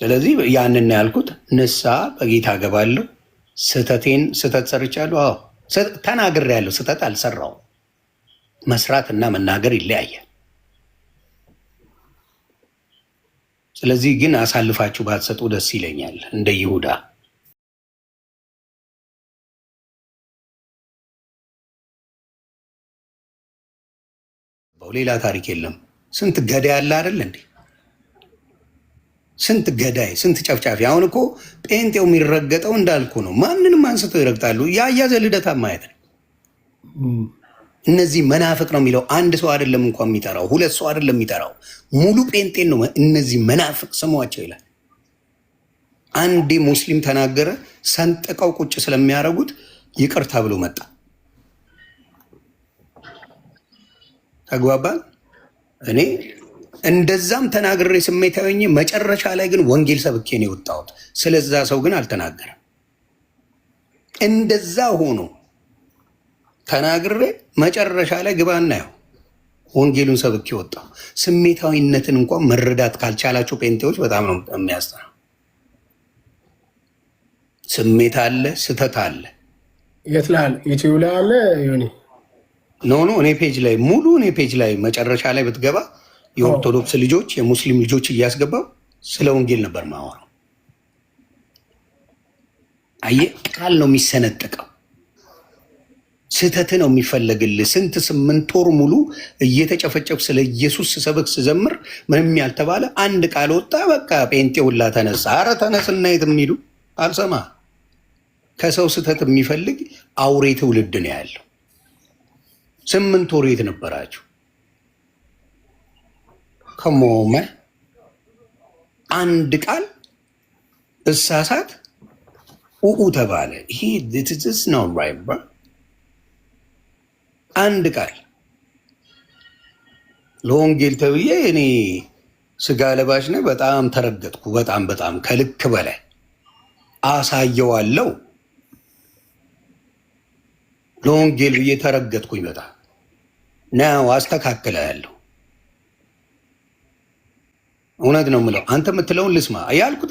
ስለዚህ ያንን ያልኩት ንስሐ በጌታ እገባለሁ። ስህተቴን ስህተት ሰርቻለሁ። አዎ ያለው ስህተት አልሰራውም። መስራት እና መናገር ይለያያል። ስለዚህ ግን አሳልፋችሁ ባትሰጡ ደስ ይለኛል። እንደ ይሁዳ ሌላ ታሪክ የለም። ስንት ገዳ ያለ አይደል እንዴ? ስንት ገዳይ ስንት ጨፍጫፊ። አሁን እኮ ጴንጤው የሚረገጠው እንዳልኩ ነው። ማንንም አንስተው ይረግጣሉ። የአያዘ ልደታ ማየት ነው። እነዚህ መናፍቅ ነው የሚለው አንድ ሰው አይደለም እንኳ የሚጠራው ሁለት ሰው አይደለም የሚጠራው ሙሉ ጴንጤን ነው። እነዚህ መናፍቅ ስሟቸው ይላል። አንዴ ሙስሊም ተናገረ ሰንጥቀው ቁጭ ስለሚያደርጉት ይቅርታ ብሎ መጣ። ተግባባል እኔ እንደዛም ተናግሬ ስሜታዊ ሆኜ መጨረሻ ላይ ግን ወንጌል ሰብኬ ነው የወጣሁት። ስለዛ ሰው ግን አልተናገረም። እንደዛ ሆኖ ተናግሬ መጨረሻ ላይ ግባ ያው ወንጌሉን ሰብኬ ወጣሁ። ስሜታዊነትን እንኳን መረዳት ካልቻላቸው ጴንጤዎች በጣም ነው የሚያስጠና። ስሜት አለ፣ ስተት አለ። የት ዩቲዩብ ላይ አለ። ኖ ኖ፣ እኔ ፔጅ ላይ ሙሉ እኔ ፔጅ ላይ መጨረሻ ላይ ብትገባ የኦርቶዶክስ ልጆች የሙስሊም ልጆች እያስገባው ስለ ወንጌል ነበር ማወራው። አየህ ቃል ነው የሚሰነጥቀው። ስህተት ነው የሚፈለግልህ። ስንት ስምንት ወር ሙሉ እየተጨፈጨፍ ስለ ኢየሱስ ስሰብክ ስዘምር ምንም ያልተባለ አንድ ቃል ወጣ። በቃ ጴንጤ ሁላ ተነሳ። አረ ተነስና የሚሉ አልሰማ። ከሰው ስህተት የሚፈልግ አውሬ ትውልድ ነው ያለው። ስምንት ወር የት ነበራችሁ? come አንድ ቃል እሳሳት ኡኡ ተባለ። ይሄ ዲትስ ነው ራይባ አንድ ቃል ለወንጌል ተብዬ እኔ ስጋ ለባሽ ነ በጣም ተረገጥኩ። በጣም በጣም ከልክ በላይ አሳየዋለው። ለወንጌል ብዬ ተረገጥኩኝ። በጣም ነው ያለው እውነት ነው የምለው። አንተ የምትለውን ልስማ ያልኩት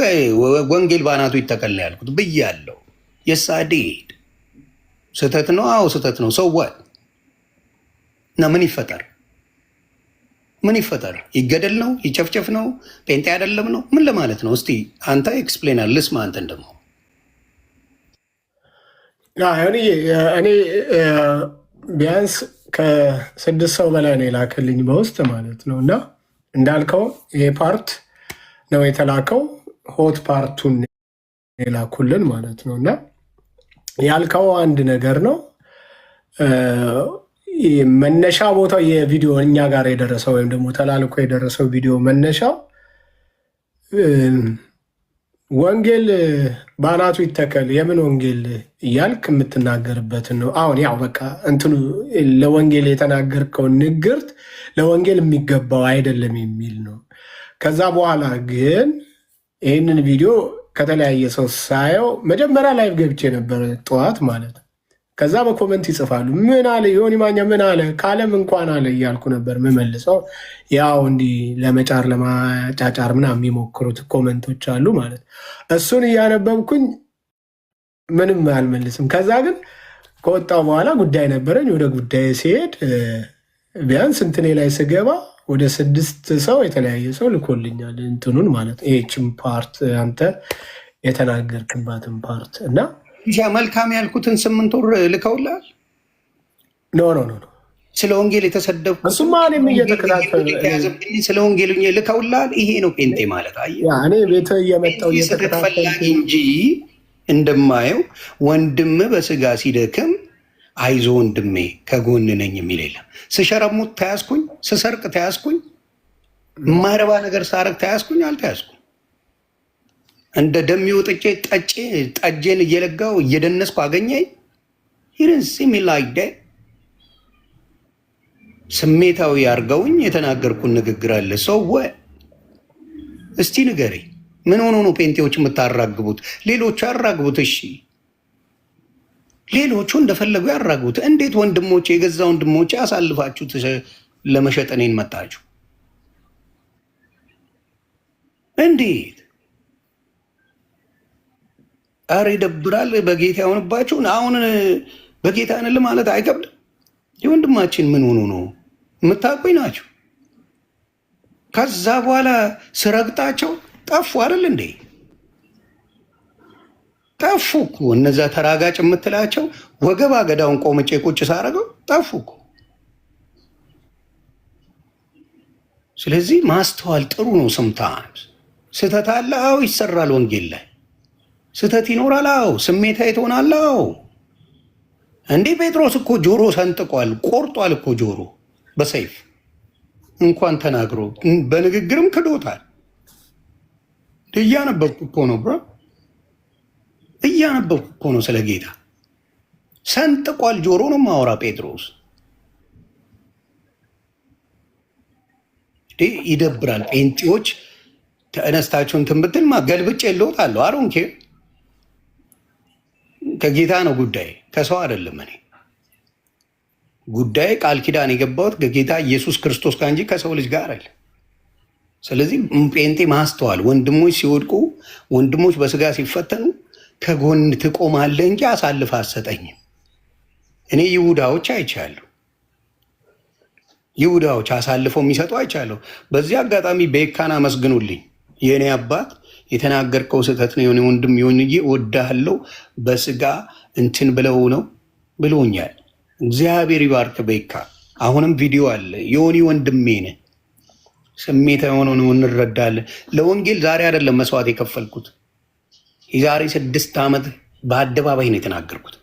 ወንጌል በአናቱ ይተከል ያልኩት ብያለሁ። የሳዴድ ስህተት ነው። አዎ ስህተት ነው። ሰው ዋል እና ምን ይፈጠር? ምን ይፈጠር? ይገደል ነው? ይጨፍጨፍ ነው? ጴንጤ አይደለም ነው? ምን ለማለት ነው? እስቲ አንተ ኤክስፕሌናል ልስማ። አንተን ደግሞ እኔ ቢያንስ ከስድስት ሰው በላይ ነው የላከልኝ በውስጥ ማለት ነው እና እንዳልከው ይሄ ፓርት ነው የተላከው። ሆት ፓርቱን የላኩልን ማለት ነው። እና ያልከው አንድ ነገር ነው። መነሻ ቦታው የቪዲዮ እኛ ጋር የደረሰው ወይም ደግሞ ተላልኮ የደረሰው ቪዲዮ መነሻው ወንጌል በአናቱ ይተከል የምን ወንጌል እያልክ የምትናገርበትን ነው። አሁን ያው በቃ እንትኑ ለወንጌል የተናገርከው ንግርት ለወንጌል የሚገባው አይደለም የሚል ነው። ከዛ በኋላ ግን ይህንን ቪዲዮ ከተለያየ ሰው ሳየው መጀመሪያ ላይቭ ገብቼ ነበረ ጠዋት ማለት ነው ከዛ በኮመንት ይጽፋሉ። ምን አለ ዮኒ ማኛ ምን አለ ካለም እንኳን አለ እያልኩ ነበር የምመልሰው። ያው እንዲህ ለመጫር ለማጫጫር ምናምን የሚሞክሩት ኮመንቶች አሉ ማለት እሱን እያነበብኩኝ ምንም አልመልስም። ከዛ ግን ከወጣው በኋላ ጉዳይ ነበረኝ። ወደ ጉዳይ ሲሄድ ቢያንስ እንትኔ ላይ ስገባ ወደ ስድስት ሰው የተለያየ ሰው ልኮልኛል። እንትኑን ማለት ይህችም ፓርት አንተ የተናገርክባትን ፓርት እና መልካም ያልኩትን ስምንት ወር ልከውላል። ኖ ኖ ኖ ስለ ወንጌል የተሰደብኩ እሱማ እኔም እየተከታተልኩኝ ስለ ወንጌል ልከውላል። ይሄ ነው ጴንጤ ማለት አየህ፣ እኔ ቤትህ እየመጣሁ ፈላጊ እንጂ እንደማየው ወንድም በስጋ ሲደክም አይዞ ወንድሜ ከጎን ነኝ የሚል የለም። ስሸረሙት ተያዝኩኝ፣ ስሰርቅ ተያዝኩኝ፣ የማይረባ ነገር ሳረግ ተያዝኩኝ፣ አልተያዝኩም እንደ ደሚው ጥጬ ጠጬ ጠጄን እየለጋው እየደነስኩ አገኘኝ። ሂድን ሲሚ ስሜታዊ አድርገውኝ የተናገርኩን ንግግር አለ። ሰው እስቲ ንገሬ፣ ምን ሆኖ ነው ጴንጤዎች የምታራግቡት? ሌሎቹ ያራግቡት፣ እሺ፣ ሌሎቹ እንደፈለጉ ያራግቡት። እንዴት ወንድሞቼ፣ የገዛ ወንድሞቼ አሳልፋችሁ ለመሸጥ እኔን መጣችሁ እንዴ? ኧረ ይደብራል። በጌታ የሆንባቸውን አሁን በጌታ ንል ማለት አይከብድ። የወንድማችን ምን ሆኑ ነው የምታቆኝ ናቸው። ከዛ በኋላ ስረግጣቸው ጠፉ አይደል እንዴ? ጠፉ እኮ እነዛ ተራጋጭ የምትላቸው ወገብ አገዳውን ቆምጬ ቁጭ ሳረገው ጠፉ እኮ። ስለዚህ ማስተዋል ጥሩ ነው። ስምታ ስህተት አለ፣ አዎ ይሰራል ወንጌል ላይ ስህተት ይኖራል። አዎ ስሜታዊ ትሆናለህ። አዎ እንዴ ጴጥሮስ እኮ ጆሮ ሰንጥቋል፣ ቆርጧል እኮ ጆሮ በሰይፍ እንኳን ተናግሮ በንግግርም ክዶታል። እያነበብኩ እኮ ነው ብሮ፣ እያነበብኩ እኮ ነው ስለ ጌታ። ሰንጥቋል ጆሮ ነው ማወራ ጴጥሮስ። ይደብራል። ጴንጤዎች ተነስታችሁን ትንብትል ገልብጭ የለውት አለው አሮንኬ ከጌታ ነው ጉዳይ፣ ከሰው አይደለም። እኔ ጉዳይ ቃል ኪዳን የገባሁት ከጌታ ኢየሱስ ክርስቶስ ጋር እንጂ ከሰው ልጅ ጋር አይደል። ስለዚህ ጴንጤ ማስተዋል፣ ወንድሞች ሲወድቁ፣ ወንድሞች በስጋ ሲፈተኑ ከጎን ትቆማለ እንጂ አሳልፍ አትሰጠኝም። እኔ ይሁዳዎች አይቻሉ ይሁዳዎች አሳልፈው የሚሰጡ አይቻለሁ። በዚህ አጋጣሚ ቤካን አመስግኑልኝ የእኔ አባት የተናገርከው ስህተት ነው። የሆነ ወንድም የሆንዬ ወዳለው በስጋ እንትን ብለው ነው ብሎኛል። እግዚአብሔር ይባርክ። በይካ አሁንም ቪዲዮ አለ። የሆኒ ወንድሜ ነ ስሜት የሆነ ነው እንረዳለን። ለወንጌል ዛሬ አይደለም መስዋዕት የከፈልኩት። የዛሬ ስድስት ዓመት በአደባባይ ነው የተናገርኩት።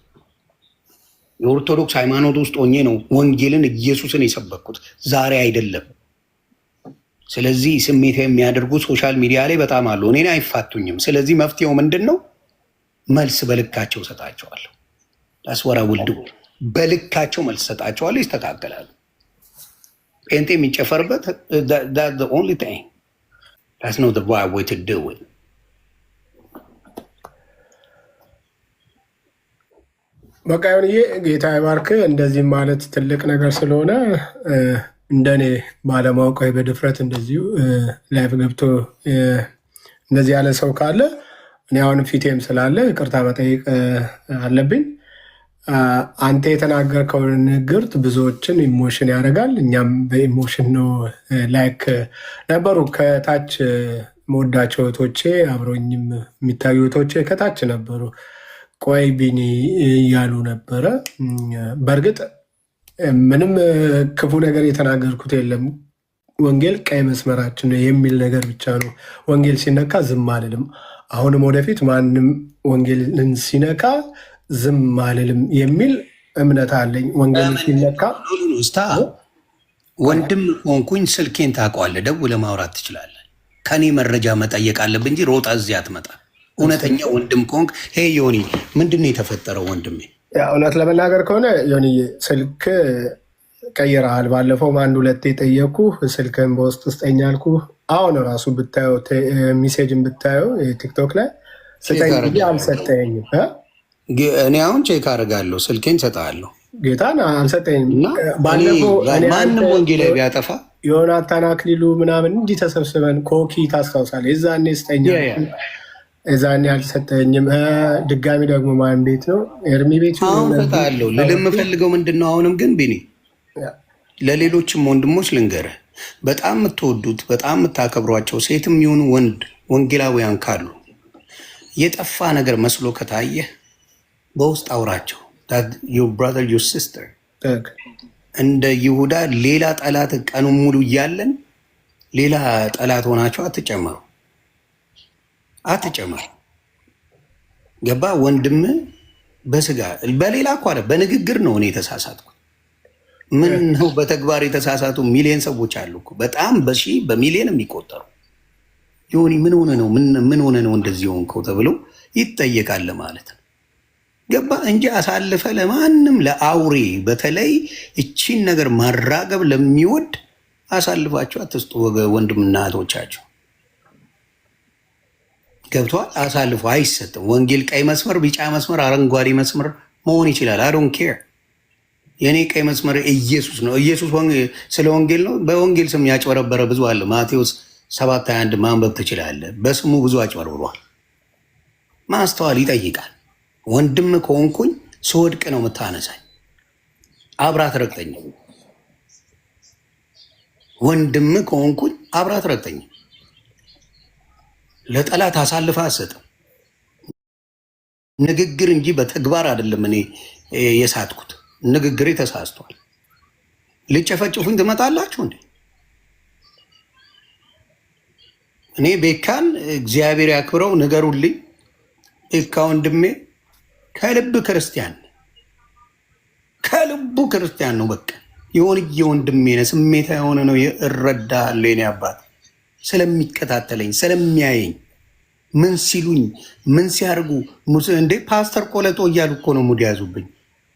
የኦርቶዶክስ ሃይማኖት ውስጥ ሆኜ ነው ወንጌልን ኢየሱስን የሰበኩት። ዛሬ አይደለም። ስለዚህ ስሜት የሚያደርጉ ሶሻል ሚዲያ ላይ በጣም አሉ። እኔን አይፋቱኝም። ስለዚህ መፍትሄው ምንድን ነው? መልስ በልካቸው ሰጣቸዋለሁ። አስወራ ውልድ በልካቸው መልስ ሰጣቸዋለሁ፣ ይስተካከላሉ። ጴንጤ የሚጨፈርበት ኦንሊ ነው ወይ በቃ ይሁን። ጌታ ይባርክ። እንደዚህ ማለት ትልቅ ነገር ስለሆነ እንደኔ ባለማወቅ ወይ በድፍረት እንደዚሁ ላይፍ ገብቶ እንደዚህ ያለ ሰው ካለ እኔ አሁን ፊቴም ስላለ ቅርታ መጠየቅ አለብኝ። አንተ የተናገርከው ንግርት ብዙዎችን ኢሞሽን ያደርጋል። እኛም በኢሞሽን ነው ላይክ ነበሩ ከታች መወዳቸው እህቶቼ አብሮኝም የሚታዩ እህቶቼ ከታች ነበሩ ቆይ ቢኒ እያሉ ነበረ። በእርግጥ ምንም ክፉ ነገር የተናገርኩት የለም። ወንጌል ቀይ መስመራችን ነው የሚል ነገር ብቻ ነው። ወንጌል ሲነካ ዝም አልልም። አሁንም ወደፊት ማንም ወንጌልን ሲነካ ዝም አልልም የሚል እምነት አለኝ። ወንጌል ሲነካ ስታ ወንድም ሆንኩኝ ስልኬን ታውቀዋለህ፣ ደውለህ ማውራት ትችላለህ። ከኔ መረጃ መጠየቅ አለብህ እንጂ ሮጣ እዚህ አትመጣ። እውነተኛ ወንድም ከሆንክ ሄ ዮኒ፣ ምንድን ነው የተፈጠረው ወንድሜ? እውነት ለመናገር ከሆነ ሆን ስልክ ቀይረሃል። ባለፈውም አንድ ሁለቴ የጠየቅኩ ስልክን በውስጥ ስጠኝ አልኩ። አሁን ራሱ ብታየው ሚሴጅን ብታየው ቲክቶክ ላይ ስጠኝ አልሰጠኝም። እኔ አሁን ቼክ አድርጋለሁ፣ ስልኬን ሰጠለሁ። ጌታን አልሰጠኝም። ማንም ወንጌላ ቢያጠፋ ዮናታን አክሊሉ ምናምን እንዲህ ተሰብስበን ኮኪ ታስታውሳለህ? የዛኔ ስጠኛ እዛን ያልሰጠኝም ድጋሚ ደግሞ ማን ቤት ነው ኤርሚ ቤት አለው ልል የምፈልገው ምንድን ነው? አሁንም ግን ቢኒ ለሌሎችም ወንድሞች ልንገርህ፣ በጣም የምትወዱት በጣም የምታከብሯቸው ሴትም ይሁን ወንድ ወንጌላውያን ካሉ የጠፋ ነገር መስሎ ከታየህ በውስጥ አውራቸው። ብራዘር ሲስተር እንደ ይሁዳ ሌላ ጠላት ቀኑ ሙሉ እያለን ሌላ ጠላት ሆናቸው አትጨምሩ። አትጨማር። ገባ ወንድም በስጋ በሌላ እኮ በንግግር ነው እኔ የተሳሳትኩ። ምን ነው በተግባር የተሳሳቱ ሚሊዮን ሰዎች አሉ በጣም በሺ በሚሊዮን የሚቆጠሩ። ዮኒ ምን ሆነ ነው ምን ሆነ ነው እንደዚህ ሆንከው ተብሎ ይጠየቃል ማለት ነው። ገባ እንጂ አሳልፈ ለማንም ለአውሬ፣ በተለይ እቺን ነገር ማራገብ ለሚወድ አሳልፋቸው አትስጡ ወንድምና እህቶቻቸው። ገብቷል አሳልፎ አይሰጥም። ወንጌል ቀይ መስመር፣ ቢጫ መስመር፣ አረንጓዴ መስመር መሆን ይችላል። አዶን ኬር የእኔ ቀይ መስመር ኢየሱስ ነው። ኢየሱስ ስለ ወንጌል ነው። በወንጌል ስም ያጭበረበረ ብዙ አለ። ማቴዎስ ሰባት ሃያ አንድ ማንበብ ትችላለህ። በስሙ ብዙ አጭበርብሯል። ማስተዋል ይጠይቃል። ወንድም ከሆንኩኝ ስወድቅ ነው የምታነሳኝ፣ አብራ ትረግጠኝ። ወንድም ከሆንኩኝ አብራ ትረግጠኝ። ለጠላት አሳልፈ አትሰጥም። ንግግር እንጂ በተግባር አይደለም። እኔ የሳትኩት ንግግሬ ተሳስቷል። ልጨፈጭፉኝ ትመጣላችሁ እንዴ? እኔ ቤካን እግዚአብሔር ያክብረው፣ ንገሩልኝ። ቤካ ወንድሜ ከልብ ክርስቲያን ከልቡ ክርስቲያን ነው። በቃ የሆንዬ ወንድሜ ነህ፣ ስሜታ የሆነ ነው። እረዳሃለሁ የኔ አባት ስለሚከታተለኝ ስለሚያየኝ ምን ሲሉኝ ምን ሲያርጉ እንደ ፓስተር ቆለጦ እያሉ እኮ ነው ሙድ ያዙብኝ።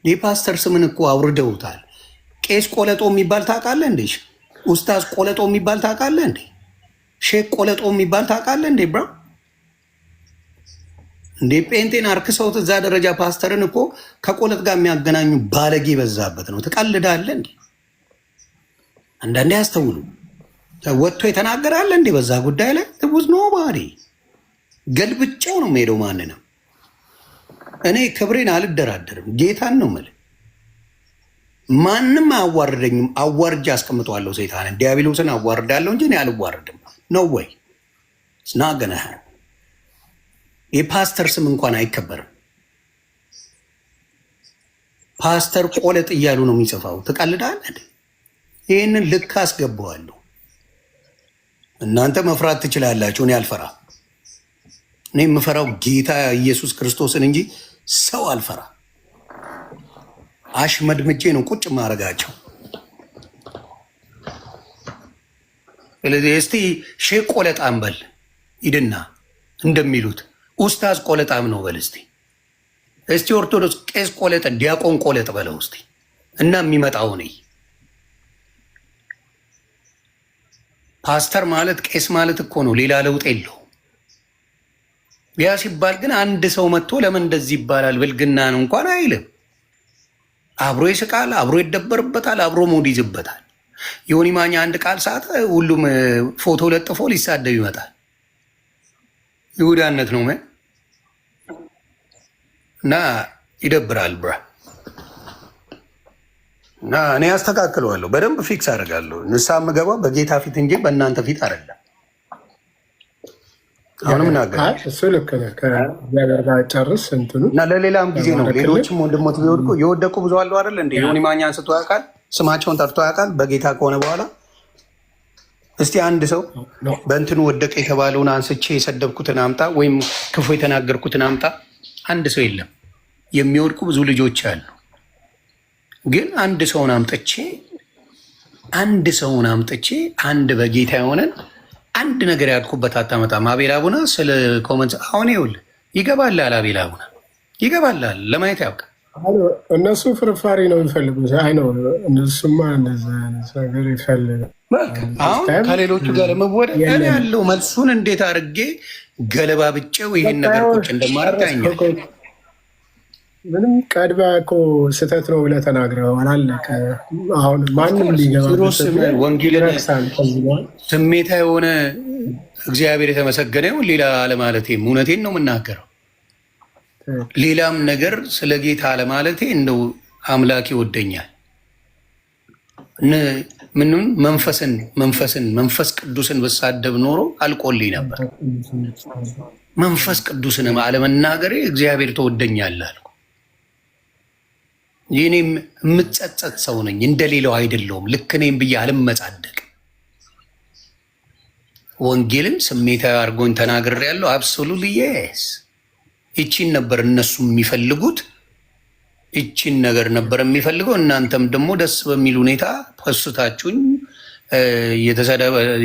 የፓስተር ስምን እኮ አውርደውታል። ቄስ ቆለጦ የሚባል ታውቃለህ እንዴ? ኡስታዝ ቆለጦ የሚባል ታውቃለህ እንዴ? ሼክ ቆለጦ የሚባል ታውቃለህ እንዴ? ብራ እንዴ ጴንጤን አርክሰውት እዛ ደረጃ ፓስተርን እኮ ከቆለጥ ጋር የሚያገናኙ ባለጌ በዛበት ነው። ትቀልዳለህ እንዴ? አንዳንዴ አስተውሉ። ወጥቶ የተናገራለ እንዴ? በዛ ጉዳይ ላይ ውዝ ባሪ ገልብጫው ነው የምሄደው። ነው እኔ ክብሬን አልደራደርም። ጌታን ነው የምልህ። ማንም አያዋርደኝም። አዋርጃ አስቀምጠዋለሁ። ሰይጣንን ዲያብሎስን አዋርዳለሁ እንጂ እኔ አልዋርድም። ነው ወይ ስናገነህ የፓስተር ስም እንኳን አይከበርም። ፓስተር ቆለጥ እያሉ ነው የሚጽፋው። ትቀልዳለህ። ይህንን ልክ አስገባዋለሁ። እናንተ መፍራት ትችላላችሁ። እኔ አልፈራ። እኔ የምፈራው ጌታ ኢየሱስ ክርስቶስን እንጂ ሰው አልፈራ። አሽመድምጄ ነው ቁጭ ማድረጋቸው። ስለዚህ እስቲ ሼህ ቆለጣም በል ይድና እንደሚሉት ኡስታዝ ቆለጣም ነው በል እስቲ እስቲ ኦርቶዶክስ ቄስ ቆለጥ፣ ዲያቆን ቆለጥ በለው እስቲ እና የሚመጣው ነይ ፓስተር ማለት ቄስ ማለት እኮ ነው። ሌላ ለውጥ የለው። ያ ሲባል ግን አንድ ሰው መጥቶ ለምን እንደዚህ ይባላል ብልግና ነው እንኳን አይልም። አብሮ ይስቃል፣ አብሮ ይደበርበታል፣ አብሮ ሞድ ይዝበታል። ዮኒ ማኛ አንድ ቃል ሰዓት ሁሉም ፎቶ ለጥፎ ሊሳደብ ይመጣል። ይሁዳነት ነው እና ይደብራል ብራ እና እኔ አስተካክለዋለሁ። በደንብ ፊክስ አደርጋለሁ። ንሳ ምገባ በጌታ ፊት እንጂ በእናንተ ፊት አይደለም። አሁንም ናገር እና ለሌላም ጊዜ ነው። ሌሎችም ወንድሞት ቢወድቁ የወደቁ ብዙ አሉ አይደል? እንደ ዮኒ ማኛ አንስቶ ያውቃል፣ ስማቸውን ጠርቶ ያውቃል። በጌታ ከሆነ በኋላ እስቲ አንድ ሰው በእንትኑ ወደቀ የተባለውን አንስቼ የሰደብኩትን አምጣ፣ ወይም ክፉ የተናገርኩትን አምጣ። አንድ ሰው የለም። የሚወድቁ ብዙ ልጆች አሉ። ግን አንድ ሰውን አምጥቼ አንድ ሰውን አምጥቼ አንድ በጌታ የሆነን አንድ ነገር ያልኩበት አታመጣም። አቤል አቡና ስለ ኮመንት አሁን ይውል ይገባልሃል። አቤል አቡና ይገባልሃል። ለማየት ያውቅ እነሱ ፍርፋሪ ነው የሚፈልጉት። አይ ነው እነሱማ ነገር ይፈልግ። አሁን ከሌሎቹ ጋር መወደ ያለው መልሱን እንዴት አድርጌ ገለባ ብጨው ይህን ነገር ቁጭ እንደማረግ ምንም ቀድባ እኮ ስህተት ነው ብለህ ተናግረዋል። አለቀ። አሁን ማንም ሊገባ ወንጌልን ስሜታ የሆነ እግዚአብሔር የተመሰገነ ይሁን። ሌላ አለማለቴም እውነቴን ነው የምናገረው። ሌላም ነገር ስለ ጌታ አለማለቴ እንደው አምላክ ይወደኛል። ምንም መንፈስን መንፈስን መንፈስ ቅዱስን ብሳደብ ኖሮ አልቆልኝ ነበር። መንፈስ ቅዱስንም አለመናገሬ እግዚአብሔር ተወደኛል አልኩ። እኔም የምጸጸት ሰው ነኝ፣ እንደሌላው አይደለውም። ልክ እኔም ብዬ አልመጻደቅ። ወንጌልን ስሜታዊ አድርጎኝ ተናግሬ ያለው አብሶሉት የስ ይቺን ነበር እነሱ የሚፈልጉት፣ ይቺን ነገር ነበር የሚፈልገው። እናንተም ደግሞ ደስ በሚል ሁኔታ ፈሱታችሁኝ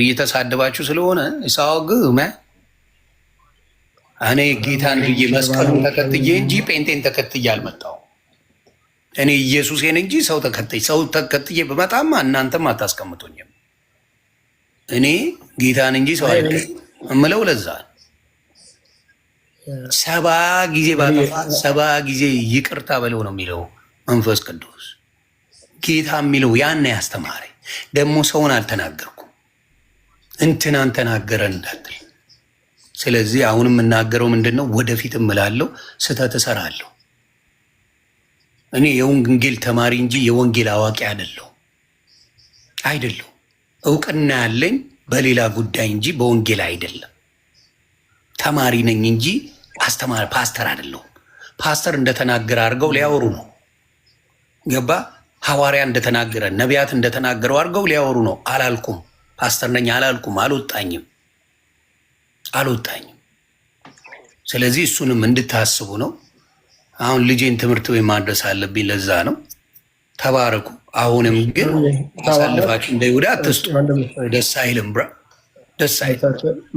እየተሳደባችሁ ስለሆነ ሳግ እኔ ጌታን ብዬ መስቀሉን ተከትዬ እንጂ ጴንጤን ተከትዬ አልመጣሁም። እኔ ኢየሱሴን እንጂ ሰው ተከተይ ሰው ተከትዬ በመጣማ እናንተም አታስቀምጡኝም። እኔ ጌታን እንጂ ሰው አይደል እምለው። ለዛ ሰባ ጊዜ ባጠፋ ሰባ ጊዜ ይቅርታ በለው ነው የሚለው መንፈስ ቅዱስ። ጌታ የሚለው ያን ያስተማሪ ደግሞ ሰውን አልተናገርኩም። እንትናን ተናገረ እንዳትል። ስለዚህ አሁን የምናገረው ምንድን ነው? ወደፊት እምላለሁ፣ ስህተት እሰራለሁ እኔ የወንጌል ተማሪ እንጂ የወንጌል አዋቂ አይደለሁ አይደለሁ። እውቅና ያለኝ በሌላ ጉዳይ እንጂ በወንጌል አይደለም። ተማሪ ነኝ እንጂ አስተማሪ ፓስተር አይደለሁም። ፓስተር እንደተናገረ አድርገው ሊያወሩ ነው። ገባ? ሐዋርያ እንደተናገረ ነቢያት እንደተናገረው አድርገው ሊያወሩ ነው። አላልኩም። ፓስተር ነኝ አላልኩም። አልወጣኝም አልወጣኝም። ስለዚህ እሱንም እንድታስቡ ነው። አሁን ልጄን ትምህርት ቤት ማድረስ አለብኝ። ለዛ ነው ተባረኩ። አሁንም ግን አሳልፋችሁ እንደ ይሁዳ አትስጡ። ደስ አይልም ብራ ደስ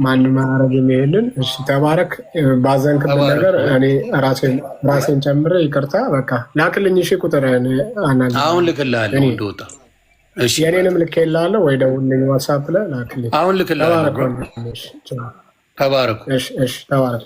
ማንም ማረግ የሚሄልን እሺ፣ ተባረክ። ባዘንክብን ነገር እኔ ራሴን ጨምሬ ይቅርታ በቃ ላክልኝ። እሺ፣ ቁጥር አሁን ልክልሃለሁ እንደወጣ የእኔንም ልኬልሃለሁ ወይ ደውልልኝ፣ ዋትሳፕ ላይ ላክልኝ። አሁን ልክልሃለሁ። ተባረኩ። ተባረኩ።